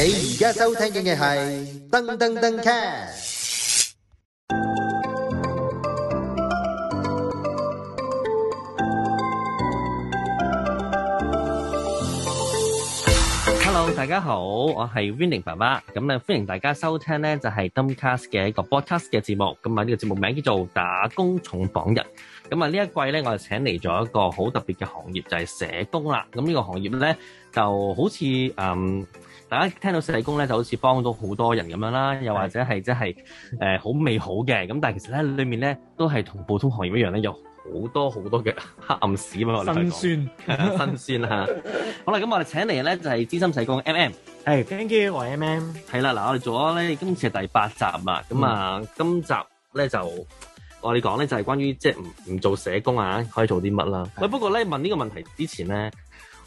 你而家收聽嘅係噔噔噔 cast。Hello，大家好，我係 Winning 爸爸。咁咧，歡迎大家收聽咧，就係 Dumcast 嘅一個 Podcast 嘅節目。咁啊，呢個節目名叫做打工重榜日。咁啊，呢一季咧，我就請嚟咗一個好特別嘅行業，就係社工啦。咁呢個行業咧，就好似誒。大家聽到社工咧，就好似幫到好多人咁樣啦，又或者係即係誒好美好嘅咁，但係其實咧裏面咧都係同普通行業一樣咧，有好多好多嘅黑暗史我哋辛酸，辛 酸辛酸 啊！好啦，咁我哋請嚟咧就係資深社工 M M，係 thank you，Y M M，係啦嗱，我哋做咗咧今次第八集啊，咁、嗯、啊，今集咧就我哋講咧就係關於即係唔唔做社工啊，可以做啲乜啦？喂，不過咧問呢個問題之前咧，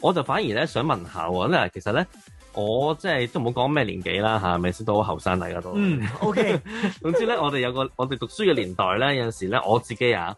我就反而咧想問下喎，其實咧。我即係都冇講咩年紀啦吓咪先都好後生，大家都。嗯，OK。 總之咧，我哋有個我哋讀書嘅年代咧，有陣時咧，我自己啊，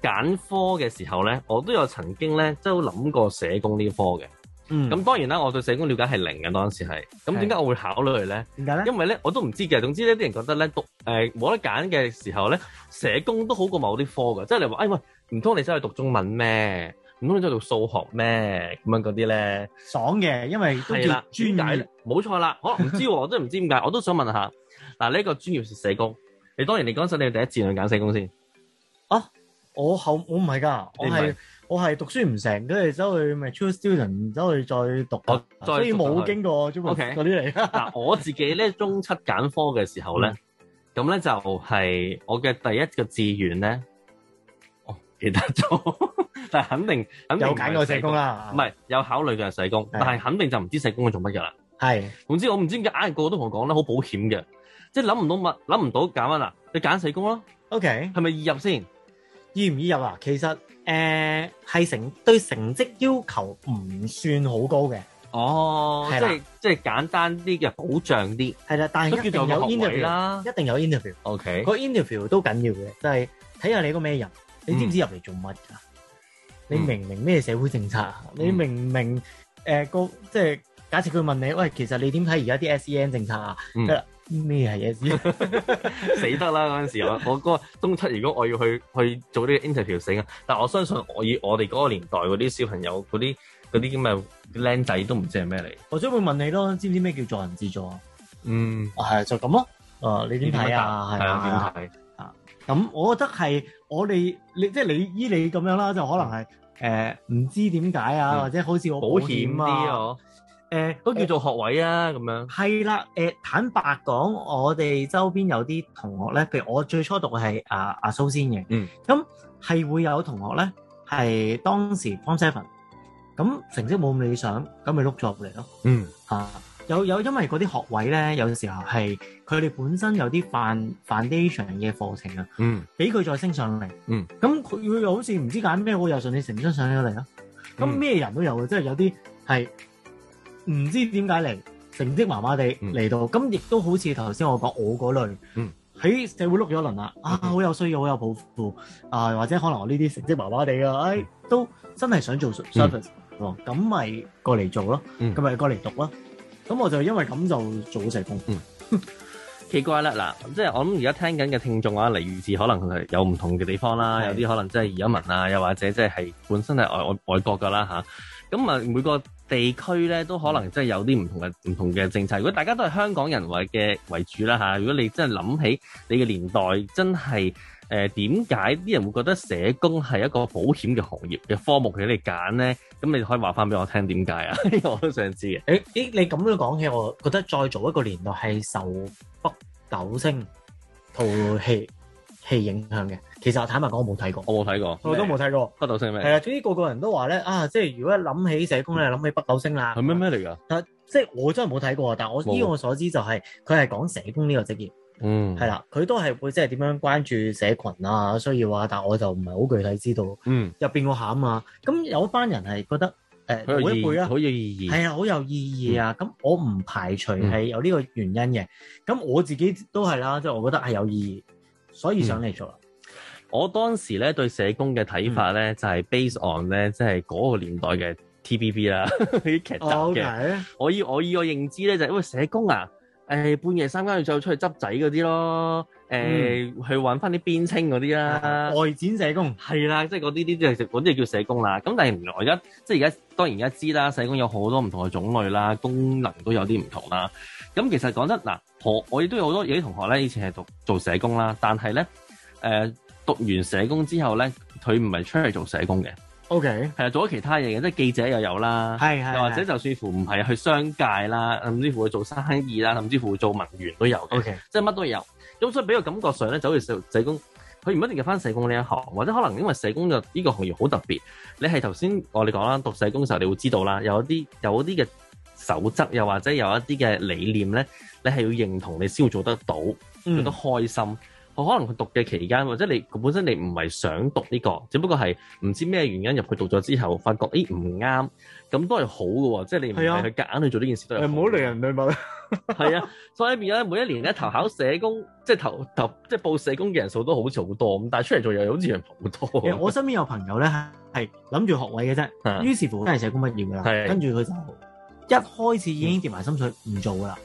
揀科嘅時候咧，我都有曾經咧好諗過社工呢科嘅。嗯。咁當然啦，我對社工了解係零嘅，當時係。咁點解我會考慮咧？點解咧？因為咧，我都唔知嘅。總之呢，啲人覺得咧，讀誒冇得揀嘅時候咧，社工都好過某啲科㗎。即係你話，哎喂，唔通你真係去讀中文咩？唔通就做數學咩？咁樣嗰啲咧，爽嘅，因為都叫專業。冇錯啦，我、哦、唔知、啊，我都唔知點解， 我都想問下嗱，你、啊、一、這個專業是社工，你當然你嗰陣你第一志願揀社工先啊？我後我唔係噶，我係我係讀書唔成，跟住走去咪 choose student，走去再讀，所以冇經過中學嗰啲嚟。嗱、 啊，我自己咧中七揀科嘅時候咧，咁、嗯、咧就係我嘅第一個志願咧，我、哦、記得咗。 但係肯定，肯定社工有揀過社工啦，唔係有考慮嘅係社工，但係肯定就唔知社工係做乜噶啦。係，總之我唔知點解硬係個個都同我講得好保險嘅，即係諗唔到乜，諗唔到揀乜啦，你揀社工啦。OK，係咪易入先？易唔易入啊？其實誒係、呃、成對成績要求唔算好高嘅。哦，即係即係簡單啲嘅保障啲，係啦，但係一定有 interview 啦，一定有 interview。OK，個 interview 都緊要嘅，就係睇下你個個咩人，你知唔知入嚟做乜噶？嗯你明唔明咩社會政策啊、嗯？你明唔明？誒、呃、個即係假設佢問你，喂，其實你點睇而家啲 S E N 政策啊？咩係 SEN？ 死得啦！嗰陣時候我我嗰個東七，如果我要去去做呢個 interview 死啊，但我相信我以我哋嗰個年代嗰啲小朋友嗰啲嗰啲咁嘅僆仔都唔知係咩嚟。或者會問你咯，知唔知咩叫助人自助啊？嗯，係、啊啊、就咁咯、啊。誒、啊，你點睇啊？係啊，點睇啊？咁我覺得係。我哋你即係你依你咁樣啦，就可能係誒唔知點解啊、嗯，或者好似我保險啲、啊、哦，誒、啊、都叫做學位啊咁、呃、樣。係啦，誒、呃、坦白講，我哋周邊有啲同學咧，譬如我最初讀係啊阿蘇先嘅，咁、嗯、係會有同學咧係當時 form seven，咁成績冇咁理想，咁咪碌咗入嚟咯。嗯，嚇、啊。有有，因為嗰啲學位咧，有時候係佢哋本身有啲 foundation 嘅課程啊，俾、嗯、佢再升上嚟。咁佢佢又好似唔知揀咩好，又順理成章上咗嚟啊。咁、嗯、咩人都有嘅，即、就、係、是、有啲係唔知點解嚟，成績麻麻地嚟到。咁、嗯、亦都好似頭先我講我嗰類喺、嗯、社會碌咗輪啦、嗯。啊，好有需要，好有抱負啊，或者可能我呢啲成績麻麻地啊、哎，都真係想做 service 咁、嗯、咪過嚟做咯，咁、嗯、咪過嚟、嗯、讀咯。嗯咁我就因為咁就做咗社工。 嗯、奇怪啦嗱，即係我諗而家聽緊嘅聽眾啊，嚟源自可能係有唔同嘅地方啦，有啲可能即係移民啊，又或者即係本身係外外國噶啦吓，咁啊，每個地區咧都可能即係有啲唔同嘅唔同嘅政策。如果大家都係香港人為嘅為主啦吓，如果你真係諗起你嘅年代，真係。誒點解啲人會覺得社工係一個保險嘅行業嘅科目佢嚟揀咧？咁你可以話翻俾我聽點解啊？呢個我都想知嘅。誒、欸、咦，你咁樣講起，我覺得再早一個年代係受《北斗星》套戲戲影響嘅。其實坦白講，我冇睇過。我冇睇過，我都冇睇過。北斗星咩？係啊，總之個個人都話咧啊，即係如果一諗起社工咧，諗起北斗星啦。係咩咩嚟㗎？即係我真係冇睇過，但係我依我所知就係佢係講社工呢個職業。嗯，係啦，佢都係會即係點樣關注社群啊，需要啊，但我就唔係好具體知道。嗯，入邊個餡啊，咁有一班人係覺得誒，好、呃、有意義，好、啊、有意義，係啊，好有意義啊。咁、嗯、我唔排除係有呢個原因嘅。咁我自己都係啦，即、就、係、是、我覺得係有意義，所以上嚟做、嗯。我當時咧對社工嘅睇法咧、嗯、就係、是、base on 咧即係嗰個年代嘅 T V B 啦，啲、嗯、劇、 okay. 我以我以我認知咧就因、是、為社工啊。誒半夜三更要再出去執仔嗰啲咯，誒、嗯、去搵翻啲邊青嗰啲啦，外展社工係啦，即係嗰啲啲就嗰、是、啲叫社工啦。咁但係我而家即係而家當然而家知啦，社工有好多唔同嘅種類啦，功能都有啲唔同啦。咁其實講得嗱，學我亦都有好多有，啲同學咧以前係讀做社工啦，但係咧誒讀完社工之後咧，佢唔係出嚟做社工嘅。O K，係啊，做咗其他嘢嘅，即係記者又有啦，係係，又或者就算乎唔係去商界啦，甚至乎去做生意啦，甚至乎做文員都有嘅，okay。即係乜都有。咁所以俾個感覺上咧，走去做社工，佢唔一定要翻社工呢一行，或者可能因為社工嘅呢個行業好特別，你係頭先我哋講啦，讀社工嘅時候你會知道啦，有一啲有一啲嘅守則，又或者有一啲嘅理念咧，你係要認同，你先會做得到，嗯，做得開心。可能佢讀嘅期間，或者你本身你唔係想讀呢、這個，只不過係唔知咩原因入去讀咗之後，發覺咦，唔、欸、啱，咁都係好嘅喎，即係你唔係去揀去做呢件事都係唔好令人諷刺。係啊，啊，所以變咗每一年咧 投考社工，即係投投即係報社工嘅人數都好似好多，咁但係出嚟做嘢又好似人好多、欸。我身邊有朋友咧係諗住學位嘅啫、啊，於是乎真係社工畢業嘅啦，跟住佢就一開始已經跌埋心水唔做啦。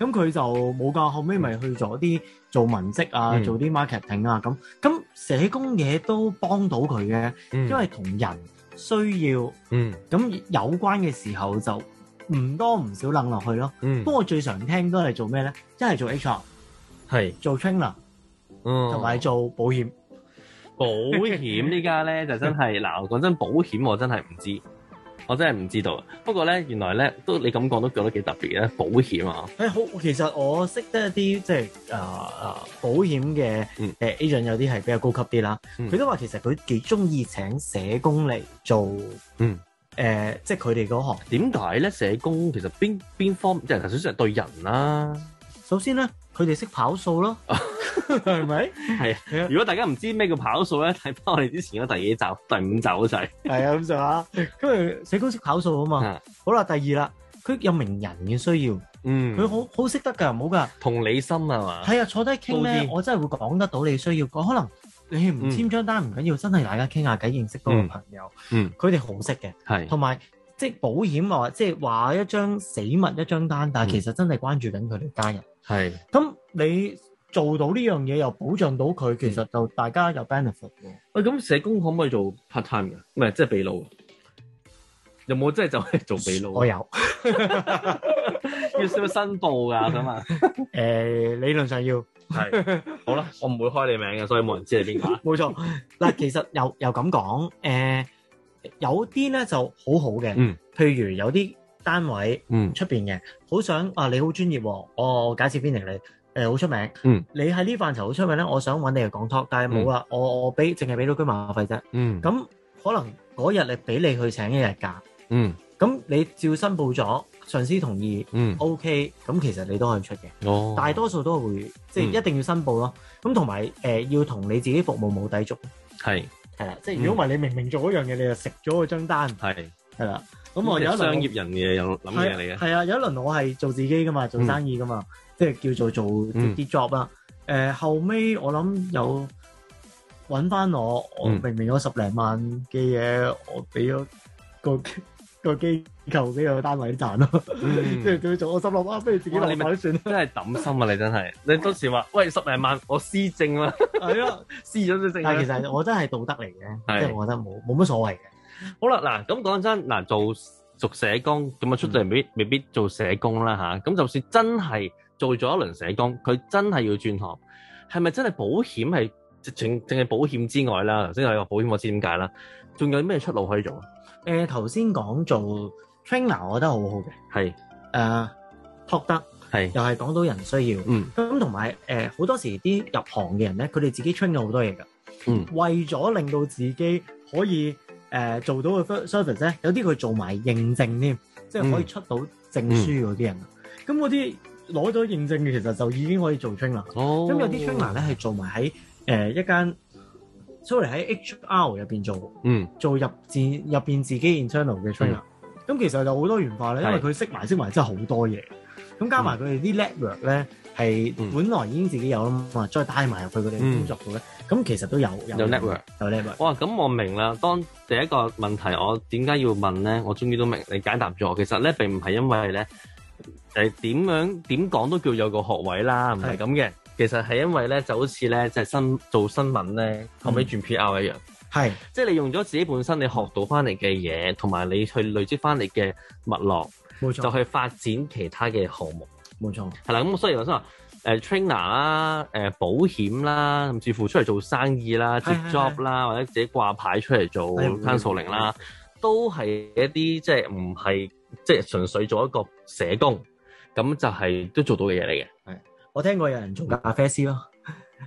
咁佢就冇㗎，後尾咪去咗啲做文職啊，嗯、做啲 marketing 啊咁。咁社工嘢都幫到佢嘅、嗯，因為同人需要咁、嗯、有關嘅時候就唔多唔少諗落去咯。不、嗯、過我最常聽都係做咩咧？一係做 HR，係做 trainer，嗯，同埋做保險。保險呢家咧 就真係的嗱，講 真保險我真係唔知。我真係唔知道，不過咧原來咧都你咁講都講得幾特別嘅保險啊！誒好，其實我識得一啲即係啊啊保險嘅誒 agent，有啲係比較高級啲啦，佢都話其實佢幾鍾意請社工嚟做，誒即係佢哋嗰行點解咧？社工其實邊邊方即係頭先先係對人啦。首先咧，佢哋識跑數咯。係 咪？係啊！如果大家唔知咩叫跑數咧，睇翻我哋之前嘅第二集、第五集好得。係、就是、啊，咁就啊，跟住社工識跑數啊嘛。好啦，第二啦，佢有名人嘅需要，嗯，佢好好識得噶，唔好噶。同理心係、啊、嘛。係啊，坐低傾咧，我真係會講得到你需要。佢可能你唔簽張單唔緊、嗯、要，要，真係大家傾下偈，認識多個朋友。嗯。佢哋好識嘅，係同埋即係保險啊，即係話一張死物一張單，但係其實真係關注緊佢哋家人。係咁你。做到呢樣嘢又保障到佢，其實就大家有 benefit 喂，咁、嗯啊、社工可唔可以做 part time 嘅？唔係，即係秘撈。有冇即係就係做秘撈？我有。 要唔要申報噶？我啊。 uh, 理論上要係 。好啦，我唔會開你名嘅，所以冇人知你邊個。冇 錯。嗱，其實又又咁講，有啲咧、呃、就好好嘅。嗯。譬如有啲單位，嗯，出面嘅好想啊，你好專業喎，我介紹邊嚟你。誒好出名，嗯、你喺呢範疇好出名咧，我想揾你去講 talk，但係冇啦，我我俾淨係俾到居馬費啫。嗯、咁、嗯、可能嗰日你俾你去請一日假。嗯、咁你照申報咗，上司同意。嗯，O K，咁其實你都可以出嘅。哦，大多數都會即一定要申報咯。咁同埋要同你自己服務冇抵觸。係啦，即係如果唔係你明明做嗰樣嘢，你就食咗嗰張單。係係啦。咁我有一輪商業人嘅有諗嘢嚟嘅，係啊有一輪我係做自己噶嘛，做生意噶嘛，嗯、即係叫做做啲 job 啦。誒、嗯呃、後尾我諗有搵翻我，我明明我十零萬嘅嘢，我俾咗個個機構俾個單位賺咯，即係叫做我心諗啊，不如自己搵算，你真係抌心啊！你真係你當時話喂十零萬我施政啦，係啊施咗啲政。 但其實我真係道德嚟嘅，即係、就是、我覺得冇冇乜所謂嘅。好啦，嗱咁講真，嗱做做社工咁啊出到嚟未？未必做社工啦吓，咁、嗯啊、就算真係做咗一輪社工，佢真係要轉行，係咪真係保險係淨淨係保險之外啦？頭先有話保險，我知點解啦。仲有咩出路可以做啊？誒頭先講做 trainer，我覺得好好嘅，係誒托得，係、uh, 又係講到人需要，嗯咁同埋誒好多時啲入行嘅人咧，佢哋自己 train 咗好多嘢㗎，嗯，為咗令到自己可以。誒、呃、做到嘅 service 咧，有啲佢做埋認證添，即係可以出到證書嗰啲人。咁嗰啲攞咗認證嘅，其實就已經可以做 trainer，哦。咁有啲 trainer 咧係做埋喺誒一間，sorry 喺 HR 入邊做，嗯，做入自入邊自己 internal 嘅 trainer，嗯。咁其實就好多元化啦，因為佢識埋識埋真係好多嘢。咁加埋佢哋啲 network 咧。嗯呢係本來已經自己有啦，哇！再帶埋入去佢哋工作度咧，咁、嗯、其實都有有 network 有 network。哇！咁我明啦，當第一個問題，我點解要問咧？我終於都明你解答咗。其實咧並唔係因為咧誒點樣點講都叫有個學位啦，唔係咁嘅。其實係因為咧就好似咧就係、是、新做新聞咧後尾轉 PR 一樣，係、嗯、即係你用咗自己本身你學到翻嚟嘅嘢，同埋你去累積翻嚟嘅脈絡，冇錯，就去發展其他嘅項目。冇錯，係啦，咁 所以我先話，誒 trainer 啦，誒、啊呃、保險啦、啊，甚至乎出嚟做生意啦、啊、接 job 啦、啊，或者自己掛牌出嚟做 counseling 啦，都係一啲即係唔係即係純粹做一個社工，咁就係都做到嘅嘢嚟嘅。係，我聽過有人做咖啡師咯，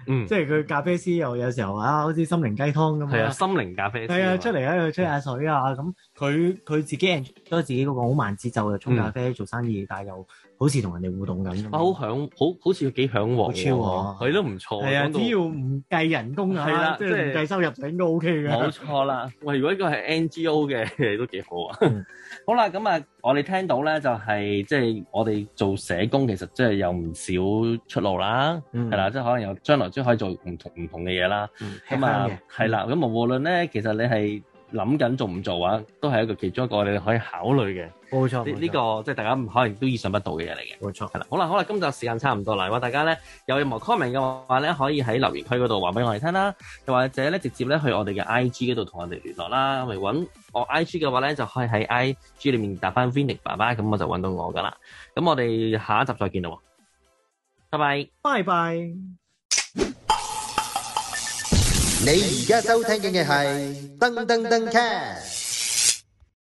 嗯，即係佢咖啡師又有時候啊，好似心靈雞湯咁啊，係啊，心靈咖啡師是，係啊，出嚟喺度吹下水啊，咁佢佢自己人都自己嗰個好慢節奏就沖咖啡、嗯、做生意，但係又。好似同人哋互動咁，啊好響，好好似幾響佢都唔錯。係啊，只要唔計人工啊，啊，即係唔計收入頂都 OK 嘅。冇錯啦，喂，如果呢個係 NGO 嘅都幾好啊、嗯。好啦，咁啊，我哋聽到咧就係即係我哋做社工，其實即係有唔少出路啦，係、嗯、啦，即、就、係、是、可能有將來即可以做唔同唔同嘅嘢啦。咁、嗯、啊，係、嗯嗯、啦，咁無無論咧，其實你係。諗緊做唔做啊，都係一個其中一個我哋可以考慮嘅。冇錯，呢、這個即係大家可能都意想不到嘅嘢嚟嘅。冇錯。係啦，好啦，好啦，今集時間差唔多啦，咁大家咧有冇 comment 嘅話咧，可以喺留言區嗰度話俾我哋聽啦，又或者咧直接咧去我哋嘅 I G 嗰度同我哋聯絡啦，咪搵我 I G 嘅話咧，就可以喺 I G 裏面答翻 Vinny 爸爸，咁我就搵到我噶啦。咁我哋下一集再見咯，拜拜，拜拜。你而家收聽嘅係噔噔噔 cat